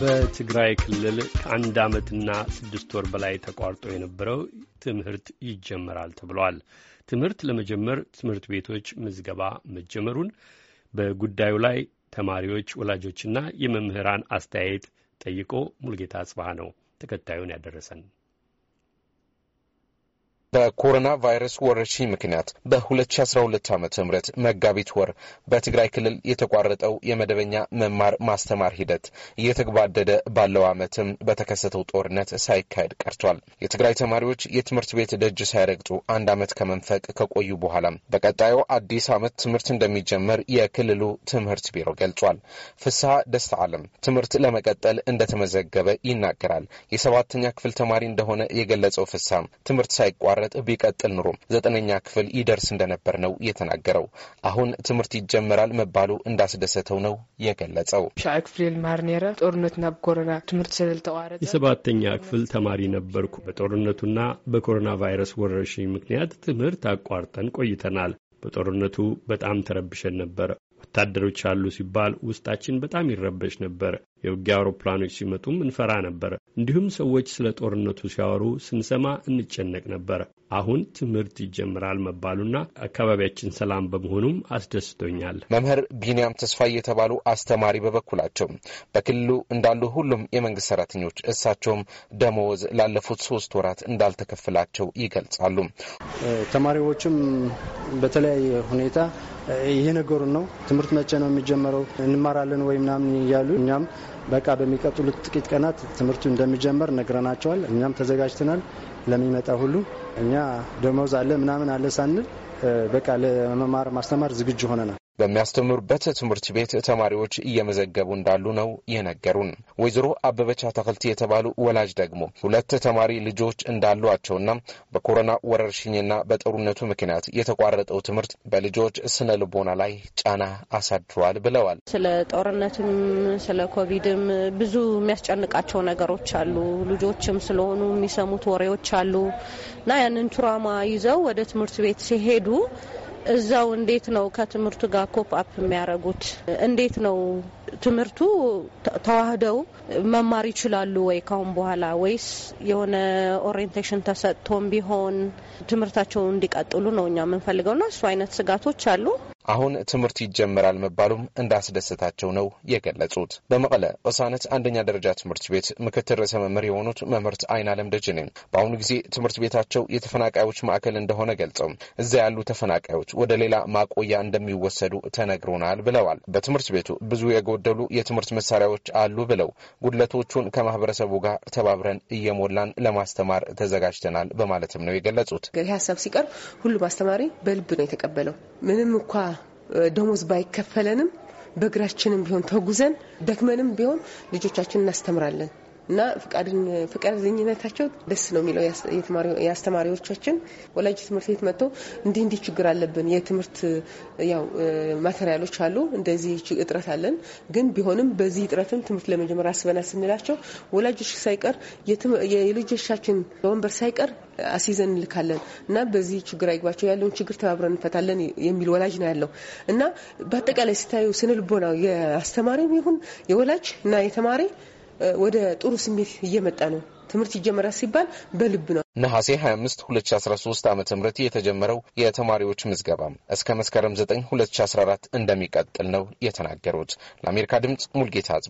በትግራይ ክልል ከአንድ ዓመትና ስድስት ወር በላይ ተቋርጦ የነበረው ትምህርት ይጀመራል ተብሏል። ትምህርት ለመጀመር ትምህርት ቤቶች ምዝገባ መጀመሩን በጉዳዩ ላይ ተማሪዎች፣ ወላጆችና የመምህራን አስተያየት ጠይቆ ሙልጌታ ጽባህ ነው ተከታዩን ያደረሰን። በኮሮና ቫይረስ ወረርሽኝ ምክንያት በ2012 ዓ ም መጋቢት ወር በትግራይ ክልል የተቋረጠው የመደበኛ መማር ማስተማር ሂደት እየተግባደደ ባለው ዓመትም በተከሰተው ጦርነት ሳይካሄድ ቀርቷል። የትግራይ ተማሪዎች የትምህርት ቤት ደጅ ሳይረግጡ አንድ ዓመት ከመንፈቅ ከቆዩ በኋላ በቀጣዩ አዲስ ዓመት ትምህርት እንደሚጀመር የክልሉ ትምህርት ቢሮ ገልጿል። ፍስሐ ደስታ ዓለም ትምህርት ለመቀጠል እንደተመዘገበ ይናገራል። የሰባተኛ ክፍል ተማሪ እንደሆነ የገለጸው ፍስሐም ትምህርት ሳይቋ ሳይቋረጥ ቢቀጥል ኑሮ ዘጠነኛ ክፍል ይደርስ እንደነበር ነው የተናገረው። አሁን ትምህርት ይጀመራል መባሉ እንዳስደሰተው ነው የገለጸው። ሻዕ ክፍል ልመሃር ነረ ጦርነት ኮሮና ትምህርቲ ስለልተቋረጠ የሰባተኛ ክፍል ተማሪ ነበርኩ። በጦርነቱና በኮሮና ቫይረስ ወረርሽኝ ምክንያት ትምህርት አቋርጠን ቆይተናል። በጦርነቱ በጣም ተረብሸን ነበር። ወታደሮች አሉ ሲባል ውስጣችን በጣም ይረበሽ ነበር። የውጊያ አውሮፕላኖች ሲመጡም እንፈራ ነበር። እንዲሁም ሰዎች ስለ ጦርነቱ ሲያወሩ ስንሰማ እንጨነቅ ነበር። አሁን ትምህርት ይጀምራል መባሉና አካባቢያችን ሰላም በመሆኑም አስደስቶኛል። መምህር ቢንያም ተስፋ የተባሉ አስተማሪ በበኩላቸው በክልሉ እንዳሉ ሁሉም የመንግስት ሰራተኞች እሳቸውም ደመወዝ ላለፉት ሶስት ወራት እንዳልተከፍላቸው ይገልጻሉ። ተማሪዎችም በተለያየ ሁኔታ እየነገሩን ነው። ትምህርት መቼ ነው የሚጀመረው እንማራለን ወይ ምናምን እያሉ እኛም በቃ በሚቀጥሉት ጥቂት ቀናት ትምህርቱ እንደሚጀመር ነግረናቸዋል። እኛም ተዘጋጅተናል ለሚመጣ ሁሉ። እኛ ደሞዝ አለ ምናምን አለ ሳንል በቃ ለመማር ማስተማር ዝግጁ ሆነናል። በሚያስተምሩበት ትምህርት ቤት ተማሪዎች እየመዘገቡ እንዳሉ ነው የነገሩን። ወይዘሮ አበበች አታክልት የተባሉ ወላጅ ደግሞ ሁለት ተማሪ ልጆች እንዳሏቸውና በኮሮና ወረርሽኝና በጦርነቱ ምክንያት የተቋረጠው ትምህርት በልጆች ስነ ልቦና ላይ ጫና አሳድሯል ብለዋል። ስለ ጦርነትም ስለ ኮቪድም ብዙ የሚያስጨንቃቸው ነገሮች አሉ። ልጆችም ስለሆኑ የሚሰሙት ወሬዎች አሉ እና ያንን ቱራማ ይዘው ወደ ትምህርት ቤት ሲሄዱ እዛው እንዴት ነው ከትምህርቱ ጋር ኮፕ አፕ የሚያደርጉት? እንዴት ነው ትምህርቱ ተዋህደው መማር ይችላሉ ወይ ካሁን በኋላ ወይስ የሆነ ኦሪየንቴሽን ተሰጥቶም ቢሆን ትምህርታቸውን እንዲቀጥሉ ነው እኛ የምንፈልገው ና እሱ አይነት ስጋቶች አሉ። አሁን ትምህርት ይጀመራል መባሉም እንዳስደሰታቸው ነው የገለጹት። በመቀለ ቅሳነት አንደኛ ደረጃ ትምህርት ቤት ምክትል ርዕሰ መምህር የሆኑት መምህርት አይናለም ደጀኔ በአሁኑ ጊዜ ትምህርት ቤታቸው የተፈናቃዮች ማዕከል እንደሆነ ገልጸው እዛ ያሉ ተፈናቃዮች ወደ ሌላ ማቆያ እንደሚወሰዱ ተነግሮናል ብለዋል። በትምህርት ቤቱ ብዙ የጎደሉ የትምህርት መሳሪያዎች አሉ ብለው ጉድለቶቹን ከማህበረሰቡ ጋር ተባብረን እየሞላን ለማስተማር ተዘጋጅተናል በማለትም ነው የገለጹት። ይህ ሀሳብ ሲቀርብ ሁሉም አስተማሪ በልብ ነው የተቀበለው ምንም እንኳ ደሞዝ ባይከፈለንም በእግራችንም ቢሆን ተጉዘን ደክመንም ቢሆን ልጆቻችን እናስተምራለን። እና ፍቃደኝነታቸው ደስ ነው የሚለው የአስተማሪዎቻችን ወላጅ ትምህርት ቤት መጥተው እንዲህ እንዲህ ችግር አለብን፣ የትምህርት ያው ማቴሪያሎች አሉ፣ እንደዚህ እጥረት አለን፣ ግን ቢሆንም በዚህ እጥረትም ትምህርት ለመጀመር አስበናል ስንላቸው ወላጆች ሳይቀር የልጆቻችን ወንበር ሳይቀር አስይዘን እንልካለን እና በዚህ ችግር አይግባቸው ያለውን ችግር ተባብረን እንፈታለን የሚል ወላጅ ነው ያለው እና በአጠቃላይ ሲታዩ ስንልቦናው የአስተማሪም ይሁን የወላጅ እና የተማሪ ወደ ጥሩ ስሜት እየመጣ ነው። ትምህርት ይጀመራ ሲባል በልብ ነው። ነሐሴ 25 2013 ዓ ም የተጀመረው የተማሪዎች ምዝገባ እስከ መስከረም 9 2014 እንደሚቀጥል ነው የተናገሩት። ለአሜሪካ ድምፅ ሙልጌታ